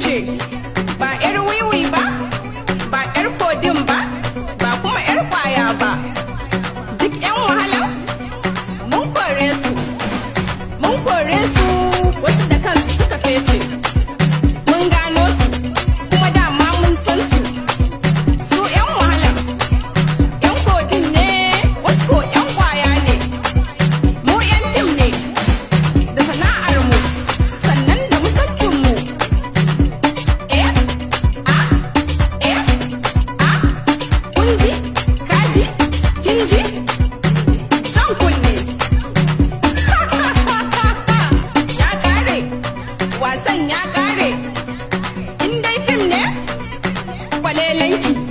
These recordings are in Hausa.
去。night.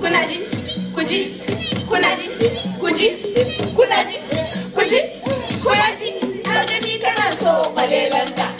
kuna ji ku ji kuna ji ku ji kuna ji ku ji kuna ji kana so kwalelan